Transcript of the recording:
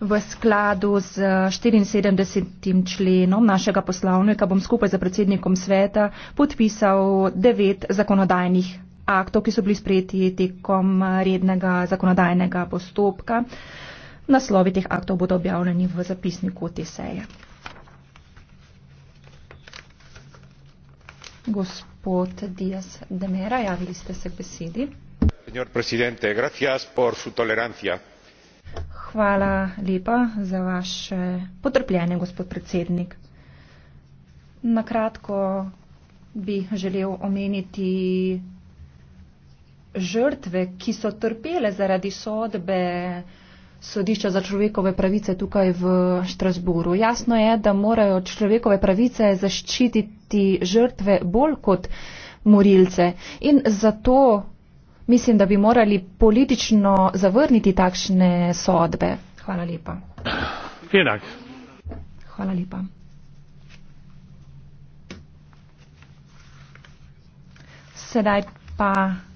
v skladu z 74. členom našega poslovnika bom skupaj z predsednikom sveta podpisal devet zakonodajnih aktov, ki so bili sprejeti tekom rednega zakonodajnega postopka. Naslovi teh aktov bodo objavljeni v zapisniku te seje. Gospod Dias Demera, javili ste se k besedi. Gospod predsednik, hvala za vašo tolerancijo. Hvala lepa za vaše potrpljenje, gospod predsednik. Nakratko bi želel omeniti žrtve, ki so trpele zaradi sodbe sodišča za človekove pravice tukaj v Štrasburu. Jasno je, da morajo človekove pravice zaščititi žrtve bolj kot morilce. In zato mislim, da bi morali politično zavrniti takšne sodbe. Hvala lepa. Enak. Hvala lepa. Sedaj pa